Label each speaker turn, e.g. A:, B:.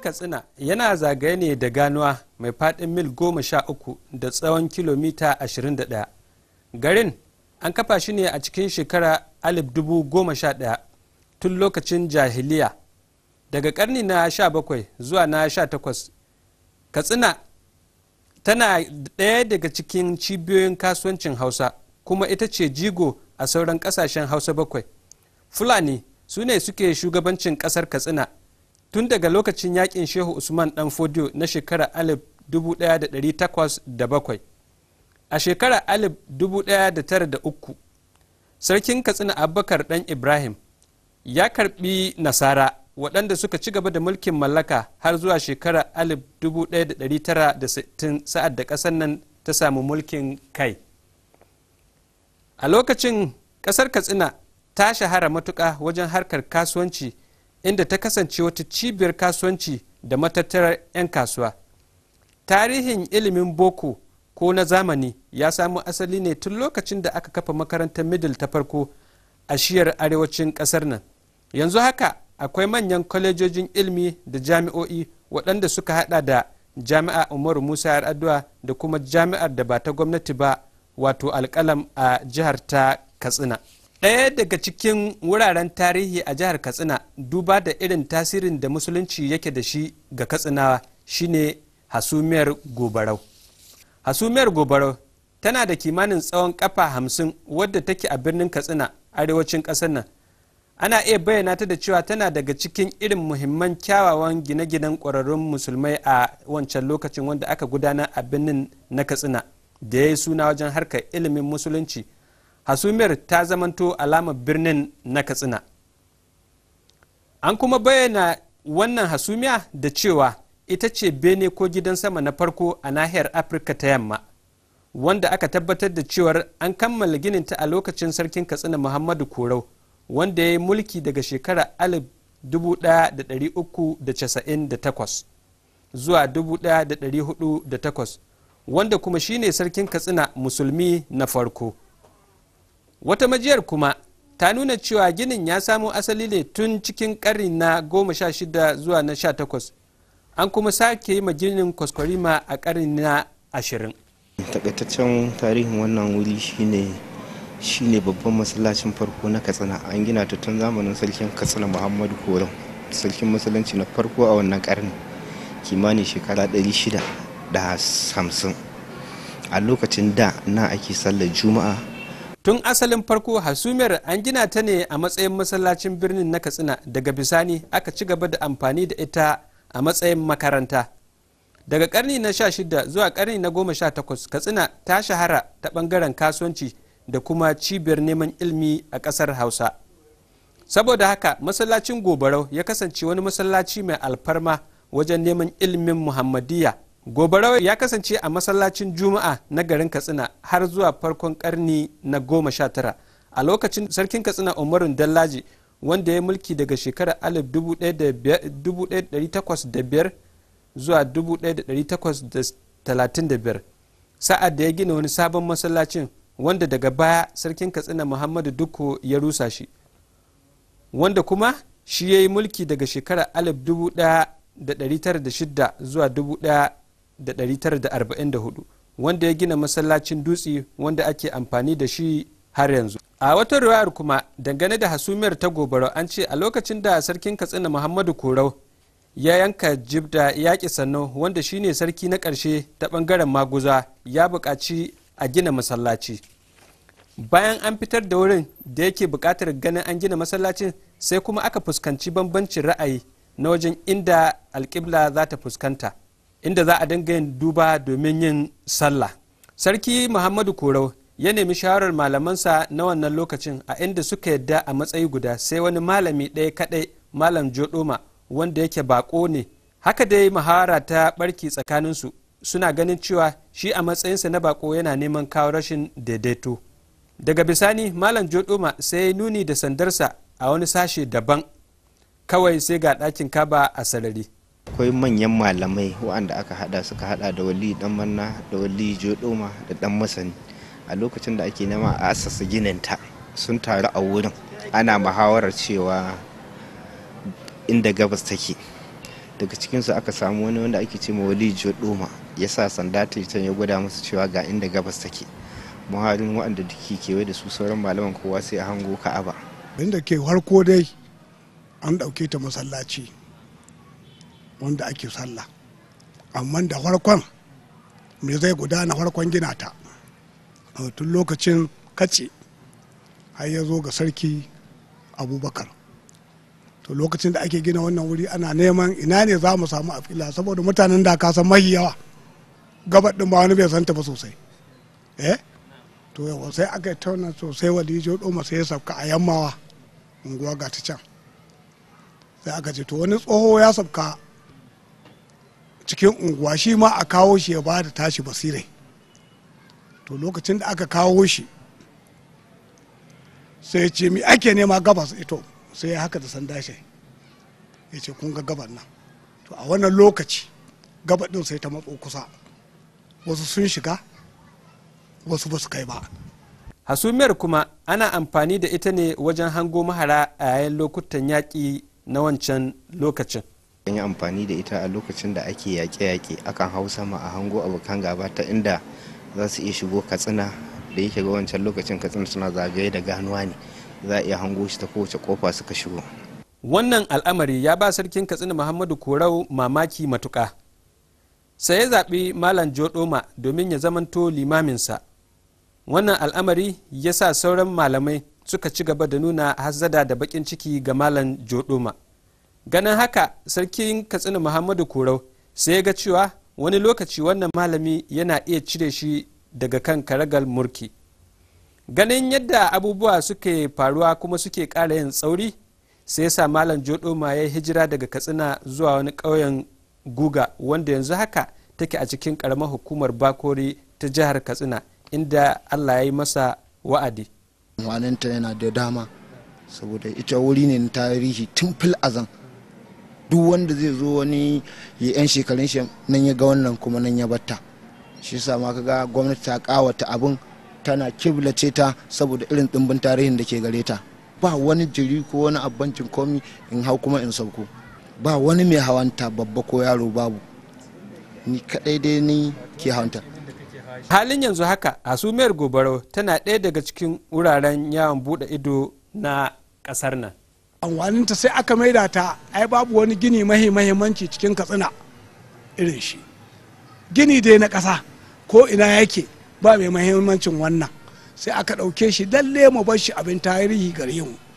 A: Katsina yana zagaye ne da ganuwa mai faɗin mil goma sha uku da tsawon kilomita ashirin da 21. Garin an kafa shi ne a cikin shekara alif dubu goma sha ɗaya tun lokacin jahiliya. Daga ƙarni na 17 zuwa na 18, Katsina tana ɗaya daga cikin cibiyoyin kasuwancin Hausa kuma ita ce jigo a sauran ƙasashen Hausa bakwai. Fulani su ne suke shugabancin ƙasar Katsina. tun daga lokacin yakin shehu usman dan fodiyo na shekara 1807 a shekara 1903 sarkin katsina abubakar dan ibrahim ya karbi nasara waɗanda suka ci gaba da mulkin mallaka har zuwa shekara 1960 sa'ad da ƙasar nan ta samu mulkin kai a lokacin ƙasar katsina ta shahara matuƙa wajen harkar kasuwanci inda ta kasance wata cibiyar kasuwanci da matattarar 'yan kasuwa tarihin ilimin boko ko na zamani ya samu asali ne tun lokacin da aka kafa makarantar middle ta farko a shiyar arewacin kasar nan yanzu haka akwai manyan kwalejojin ilimi da jami'o'i waɗanda suka hada da jami'a umaru musa yar'adua da kuma jami'ar da ba ta gwamnati ba wato alkalam a jihar ta katsina ɗaya daga cikin wuraren tarihi a jihar katsina duba da irin tasirin da musulunci yake da shi ga katsinawa shine hasumiyar gobarau hasumiyar gobarau tana da kimanin tsawon kafa hamsin wadda take a birnin katsina arewacin ƙasar nan ana iya bayyana ta da cewa tana daga cikin irin muhimman kyawawan gine-ginen ƙwararrun musulmai a wancan lokacin wanda aka gudanar a birnin na katsina da ya yi suna wajen harkar ilimin musulunci hasumiyar ta zamanto alamar birnin na katsina an kuma bayyana wannan hasumiya da cewa ita ce bene ko gidan sama na farko a nahiyar afirka ta yamma wanda aka tabbatar da cewar an kammala ginin ta a lokacin sarkin katsina muhammadu korau wanda ya yi mulki daga shekara 1398 zuwa 1408 wanda kuma shine sarkin katsina musulmi na farko wata majiyar kuma ta nuna cewa ginin ya samo asali ne tun cikin ƙari na 16 zuwa na 18 an kuma sake yi ginin kwaskwarima a ƙari na 20
B: takaitaccen tarihin wannan wuri shine shine babban masallacin farko na katsina an gina ta tun zamanin sarkin katsina muhammadu koron sarkin masallaci na farko a wannan ƙarni kimanin shekara 650 a lokacin da na ake sallar juma'a
A: tun asalin farko hasumiyar an gina ta ne a matsayin masallacin birnin na katsina daga bisani aka ci gaba da amfani da ita a matsayin makaranta daga karni na 16 zuwa karni na 18 katsina ta shahara ta bangaren kasuwanci da kuma cibiyar neman ilmi a kasar hausa saboda haka masallacin gobarau ya kasance wani masallaci mai alfarma wajen neman ilimin muhammadiyya gobarawar ya kasance a masallacin juma'a na garin katsina har zuwa farkon karni na goma sha tara a lokacin sarkin katsina umarun dallaji wanda ya mulki daga shekarar 1805 zuwa 1835 sa'ad da ya gina wani sabon masallacin wanda daga baya sarkin katsina muhammadu duku ya rusa shi wanda kuma shi ya yi mulki daga shekarar 1906 zuwa 1944 wanda ya gina masallacin dutse wanda ake amfani da shi har yanzu a wata riwayar kuma dangane da hasumiyar ta gobara an ce a lokacin da sarkin katsina muhammadu korau ya yanka jibda yaƙi sannu wanda shine sarki na ƙarshe ta ɓangaren maguza ya buƙaci a gina masallaci bayan an fitar da wurin da yake buƙatar ganin an gina masallacin sai kuma aka fuskanci bambancin ra'ayi na wajen inda alƙibla za ta fuskanta inda za a dinga yin duba domin yin sallah sarki muhammadu korau ya nemi shawarar malamansa na wannan lokacin a inda suka yadda a matsayi guda sai wani malami ɗaya kaɗai malam jodoma wanda yake baƙo ne haka dai mahara ta barki tsakaninsu suna ganin cewa shi a matsayinsa na bako yana neman kawo rashin daidaito daga bisani malam jodoma sai ya nuni da sandarsa a wani sashe daban kawai sai ga ɗakin kaba a sarari akwai manyan malamai
B: waɗanda aka hada suka hada da wali dan manna da wali jodoma da dan masani a lokacin da ake nema a ginin ta sun taru a wurin ana muhawarar cewa inda gabas take daga cikinsu aka samu wani wanda ake ce wali jodoma ya sa sanda ta can ya gwada musu cewa ga inda gabas take muharin waɗanda ke kewaye da su sauran malaman kowa sai a hango ka'aba
C: inda ke farko dai an ɗauke ta masallaci wanda ake sallah amma da farkon me zai gudana farkon gina ta tun lokacin kaci har ya zo ga sarki abubakar to lokacin da ake gina wannan wuri ana neman ina ne za mu samu a fila saboda mutanen da ka san mahi yawa gabar din ba wani bai santa ba sosai eh to yawa sai aka tauna sosai walijo doma sai ya sauka a yammawa unguwa ga ta can sai aka ce to wani tsoho ya sauka cikin unguwa shi ma a kawo shi ya ba da tashi basirai to lokacin da aka kawo shi sai ya ce mi ake nema gabas ito eh sai ya haka da sanda shi ya ce kun ga gabar nan to a wannan lokaci gabar din sai ta matso kusa wasu sun shiga wasu ba su kai ba
A: hasumiyar kuma ana amfani da ita ne wajen hango mahara a yayin lokutan yaƙi na wancan lokacin an yi amfani da ita a lokacin da ake
B: yaƙe-yaƙe akan hau sama a hango abokan gaba ta inda za su iya shigo katsina da yake ga wancan lokacin katsina suna zagaye da ganuwa ne za a iya hango shi ta kowace kofa suka
A: shigo wannan al'amari ya ba sarkin katsina muhammadu korau mamaki matuka sai ya zaɓi malam jodoma domin ya zamanto limaminsa wannan al'amari ya sa sauran malamai suka ci gaba da nuna hazzada da baƙin ciki ga malam jodoma ganin haka sarkin katsina muhammadu korau sai ya ga cewa wani lokaci wannan malami yana iya cire shi daga kan karagal murki ganin yadda abubuwa suke faruwa kuma suke ƙara yin tsauri sai ya sa malam jodoma ya hijira daga katsina zuwa wani ƙauyen guga wanda yanzu haka take a cikin ƙaramar hukumar bakori ta jihar katsina inda allah ya yi masa wa'adi
B: yana da dama saboda ita wuri ne na tarihi tun fil azan duk wanda zai zo wani ya yan shekarun shi nan ya ga wannan kuma nan ya batta shi sa ma ga gwamnati ta kawata abin tana kiblace ta saboda irin dimbin tarihin da ke gare ta ba wani jiri ko wani abincin komi in hau kuma in sauko ba wani mai hawanta babba ko yaro babu
A: ni kadai dai ni ke hawanta halin yanzu haka hasumiyar gobarau tana ɗaya daga cikin wuraren yawon bude ido na kasar nan
C: amfaninta sai aka maida ta ai babu wani gini mahi mahimmanci cikin katsina irin shi gini dai na ƙasa ko ina yake ba mai mahimmancin wannan sai aka ɗauke shi lalle mu bar shi abin tarihi gare mu